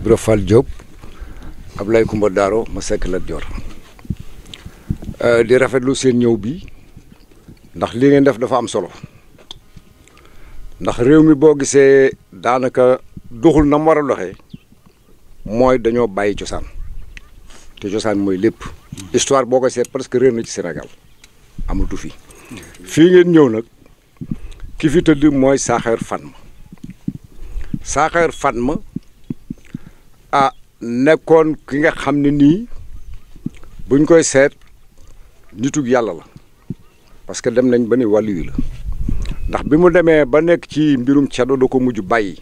Ibra Fall ab Ablaye Coumba Daaro ma sekk Lat Joor euh, di rafetlu seen ñëw bi ndax li ngeen def dafa am solo ndax réew mi boo gisee daanaka doxul na mu war a doxee mooy dañoo bàyyi cosaan te cosaan mooy lépp histoire boo ko seet que réew na ci Sénégal amatu fi fii ngeen ñëw nag ki fi tëdd mooy Saxeer Fatma fan ma a ah, nekkoon ki nga xam ne nii buñ koy seet nitug yàlla la parce que dem nañ ba ni wàllu la ndax bi mu demee ba nekk ci mbirum ceddo da ko mujj bàyyi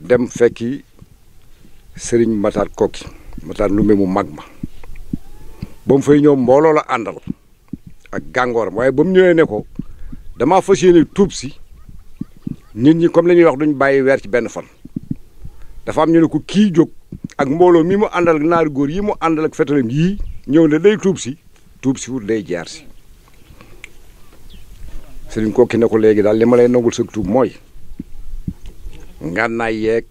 dem fekki sëriñ Matar Koki Matar Ndoumbe mu mag ma ba mu fay ñëw mbooloo la àndal ak gàngooram waaye ba ñëwee ne ko damaa fas yéene tuub si nit ñi comme la ñuy wax duñ bàyyi weer ci benn fan dafa am ñu ne ko kii jóg ak mbooloo mii mu àndal ak góor yi mu àndal ak fetalam yii ñëw ne day tuub si tuub si wut day jaar si ko kooki ne ko léegi daal li ma lay nangul sa tuub mooy ngànnaay yeeg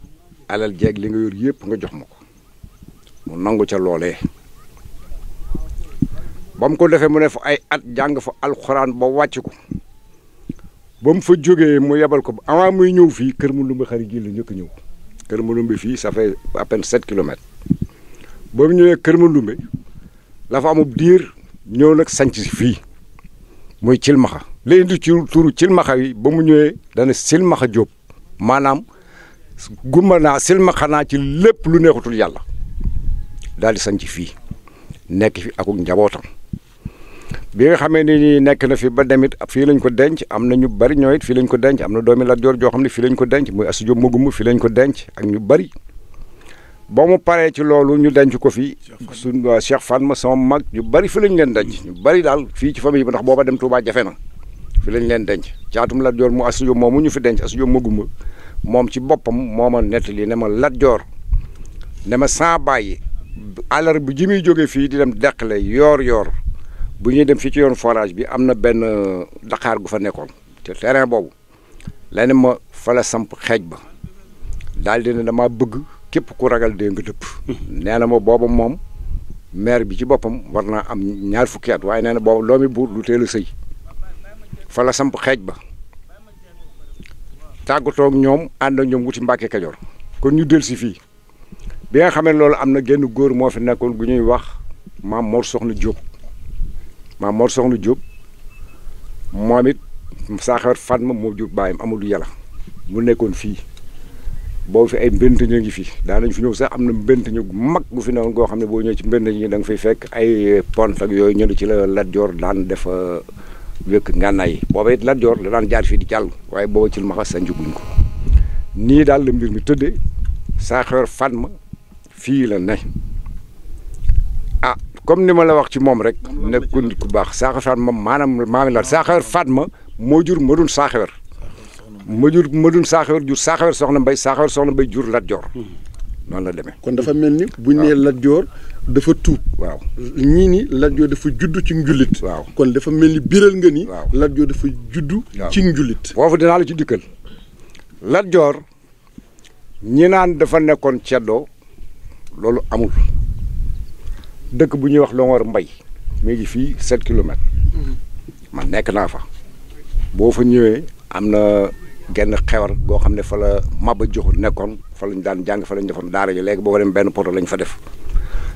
alal jeeg li nga yor yëpp nga jox ma ko mu nangu ca loolee ba mu ko defee mu ne fa ay at jàng fa alxuraan ba wàcc ko ba fa jógee mu yebal ko avant muy ñëw fii kër mu lu ma xari ji la njëkk Kër Mouroumbe fii ça fait à peine 7 kilomètres boobu ñëwee Kër Mouroumbe la fa diir ñëw nag sanc fii muy Cilmaxa léegi indi turu Cilmaxa yi ba mu ñëwee dana Cilmaxa Jóob maanaam gumba naa Cilmaxa naa ci lépp lu neexutul yàlla daal di sanc fii nekk fi akuk njabootam bi nga xamee ne nii nekk na fi ba demit fii lañ ko denc am na ñu bari ñoo it fii lañ ko denc am na doomi Lat Joor joo xam ne fii lañ ko denc muy Astou Diop Magoumba fii lañ ko denc ak ñu bari ba mu paree ci loolu ñu denc ko fi suñ waa Cheikh Fatma sama mag ñu bari fii lañ leen denc ñu bari daal fii ci famille bi ndax booba dem Touba jafe na fii lañ leen denc caatum Lat mu Astou Diop moomu ñu fi denc Astou Diop Magoumba moom ci boppam moo ma nettali ne ma Lat Joor ne ma sans bàyyi alar bu jimi muy jógee fii di dem deqale yoor yoor bu ñuy dem fii ci yoon forage bi am na benn euh, daqaar gu fa nekkoon te terrain boobu la ne ma fa la samp xeej ba daal di ne damaa bëgg képp ku ragal dee nga dëpp. Mhm. nee na ma booba moom maire bi ci boppam war naa am ñaar fukki at waaye nee na boobu doomi buur lu teel a sëy fa la samp xeej ba tàggatoo ak ñoom ànd ak ñoom wuti Mbàkke Kajoor kon ñu dellu si fii bi nga xamee loolu am na genn góor moo fa nekkoon gu ñuy wax maam Mor Soxna Diop. maam moo Soxna Diop moom it saa fan ma moo jur bàyyam amul yalla bu nekkoon fii boobu fi ay mbént ñu ngi fi daan fi ñëw sax am na mbént ñu mag gu fi noonu goo xam ne boo ñëwee ci mbént ñi da nga fay fekk ay ak yooyu ñu ci la Joor daan def euh, wékk ngànnaay yi booba it Joor la daan jaar fii di jàll waaye booba ci lu ma sa njuguñ ko nii daal la mbir mi tëddee saa xewet Fatma fii la ne. comme ni ma la wax ci moom rek nekkul nit ku baax Sakho Fatma moom maanaam maami la Sakho ma moo jur Madoune Sakho Wer ma jur Madoune Sakho Wer jur Sakho Wer soxna Mbaye Sakho soxna Mbaye jur Lat Joor noonu la demee kon dafa mel ni bu ñu nee dafa tuub waaw ñii ni Lat Joor dafa judd ci njullit waaw kon dafa mel ni biral nga ni waaw Lat Joor dafa judd ci njullit foofu dinaa la ci dikkal Lat Joor ñi naan dafa nekkoon ceddoo loolu amul dëkk bu ñuy wax Longhor Mbay mi ngi fii 7 kilomètres mm-hmm. man nekk naa fa boo fa ñëwee am na genn xewar boo xam ne fala mab Maba Joxu nekkoon fa lañ daan jàng fa lañ defoon daara ji léegi boo ko benn poto lañ fa def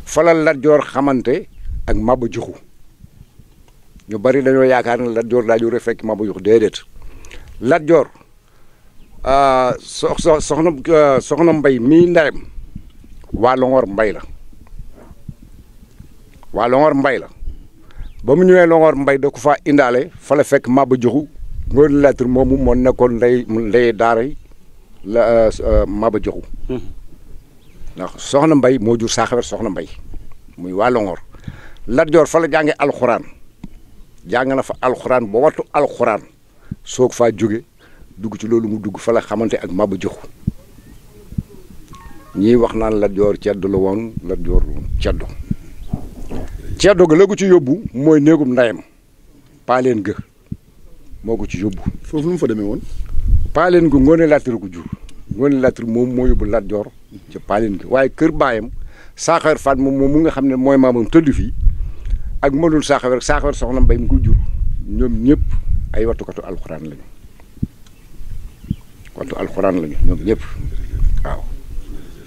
fa la Lat Joor xamante ak Maba Joxu ñu bari dañoo yaakaar na Lat Joor daa ju fekk Maba Joxu déedéet Lat Joor ah, sox soxna soxna Mbay mii ndarem waa Longhor Mbay la waa Longhor Mbay la ba mu ñëwee Longhor Mbay doo ko fa indaale fa la fekk Maba Diakhou loolu lettre moomu moo nekkoon ndey ndey daara la euh, euh, Maba Diakhou hmm. ndax soxna Mbay moo jur soxna Mbay muy waa Longhor Lat Joor fa alxuraan jàng na fa alxuraan ba wattu alxuraan faa jóge dugg ci loolu mu dugg fa la xamante ak Maba Diakhou ñii wax naan Lat Joor ceddo la woon Lat Joor Ceddo ga la ko ci yóbbu mooy néegum ndayam paaleen ga moo ko ci yóbbu. foofu nu mu fa demee woon. paaleen ga ngoone laatir ko jur ngoone laatir moom moo yóbbu Lat Joor ci paaleen ga waaye kër baayam Saaxewer Faat moom moom mu nga xam ne mooy maamam tëdd fii ak mënul Saaxewer Saaxewer soxna Mbay mu ko jur ñoom ñëpp ay wattukatu alxuraan lañu wattu alxuraan lañu ñoom ñëpp waaw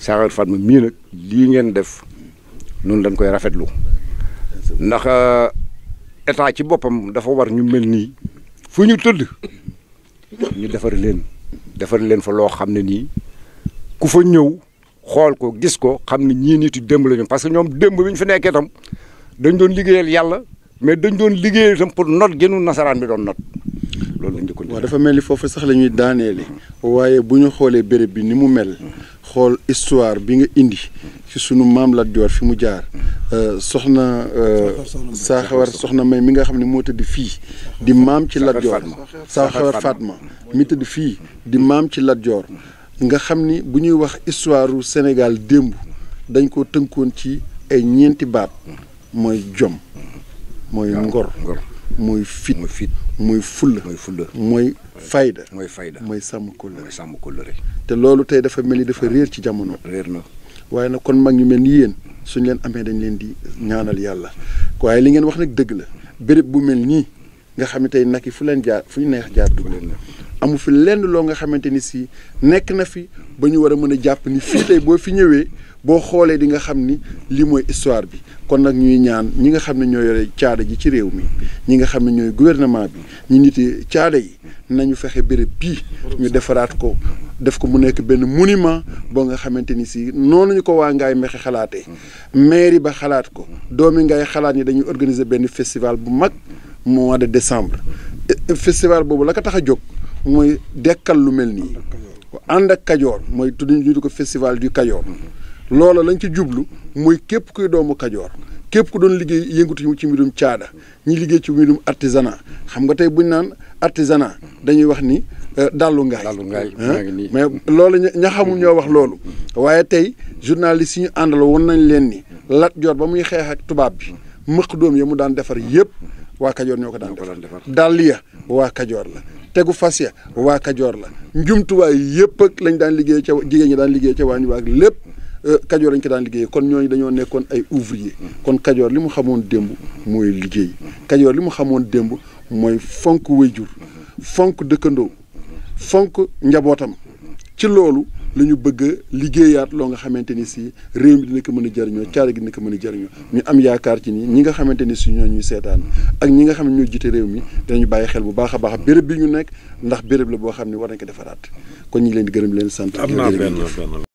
Saaxewer Faat ma mii lii ngeen def noonu lañ koy rafetlu. ndax euh, état ci boppam dafa war ñu mel nii fu ñu tëdd ñu defar leen defar leen fa loo xam ne nii ku fa ñëw xool ko gis ko xam ne ñii nitu démb la ñu parce que ñoom démb bi ñu fi nekkee tam dañ doon liggéeyal yàlla mais dañ doon liggéeyal tam pour not gënu nasaraan bi doon not loolu lañ jëkkoon waaw dafa mel ni foofu sax la ñuy daaneeli mm-hmm. waaye bu ñu xoolee béréb bi ni mu mel xool histoire bi nga indi ci sunu maam Lat Joor fi mu jaar euh, soxna euh, saaxawar soxna may mi nga xam ne moo tëdd fii di maam ci Lat Joor saaxawar fii di maam ci Lat Joor nga xam ni bu ñuy wax histoire u Sénégal démb dañ ko tënkoon ci ay ñeenti baat mooy jom mooy ngor mooy fit mooy fulla mooy fayda mooy sàmm kóllëre te loolu tey dafa mel ni dafa réer ci jamono réer na waaye nag kon mag ñu mel ni yéen suñ leen amee dañ leen di ñaanal yàlla waaye li ngeen wax nag dëgg la béréb bu mel nii nga xam ne tey nag yi fu leen jaar fu ñu neex jaar dugg leen amu fi lenn loo nga xamante ni si nekk na fi ba ñu war a mën a jàpp ni fii tey boo fi ñëwee boo xoolee di nga xam ni lii mooy histoire bi kon nag ñuy ñaan ñi nga xam ne ñoo yore caada ji ci réew mi ñi nga xam ne ñooy gouvernement bi ñu niti caada yi nañu fexe béréb bii ñu defaraat ko def ko mu nekk benn monument boo nga xamante ni si noonu ñu ko waa Ngaye Mékhé xalaatee mairie ba xalaat ko doomi ngay xalaat ni dañuy organiser benn festival bu mag mois de décembre e, festival boobu la tax a jóg mooy dekkal lu mel nii ànd ak kajoor mooy tudd ñu ko festival du kajoor loola lañ ci jublu mooy képp kuy doomu kajoor képp ku doon liggéey yëngatu ci mbirum caada ñi liggéey ci mbirum artisanat xam nga tey buñ naan artisanat dañuy wax ni euh, dàllu ngaay dàllu ngaay mais loolu ña xamul ñoo wax loolu waaye tey journaliste yi ñu àndal woon nañ leen ni Lat Joor ba muy xeex ak tubaab bi mëq doom ya mu daan defar yëpp waa Kajoor ñoo ko daan defar dàll ya waa Kajoor la tegu fas ya waa Kajoor la njumtuwaay yëpp ak lañ daan liggéey ca jigéen ñi daan liggéey ca waañ waak lépp euh, Kajoor lañ ko daan liggéey kon ñooñu dañoo nekkoon ay ouvrier kon Kajoor li mu xamoon démb mooy liggéey Kajoor li mu xamoon démb mooy fonk wayjur fonk dëkkandoo fonk njabootam ci loolu la ñu bëgg a liggéeyaat loo nga xamante ni si réew mi dina ko mën a jëriñoo caare gi dina ko mën a jëriñoo ñu am yaakaar ci ni ñi nga xamante ni si ñoo ñuy seetaan ak ñi nga xam ne ñoo jiite réew mi dañu bàyyi xel bu baax a baax béréb bi ñu nekk ndax béréb la boo xam ne war nañ ko defaraat kon ñu leen di gërëm leen sant. am naa benn benn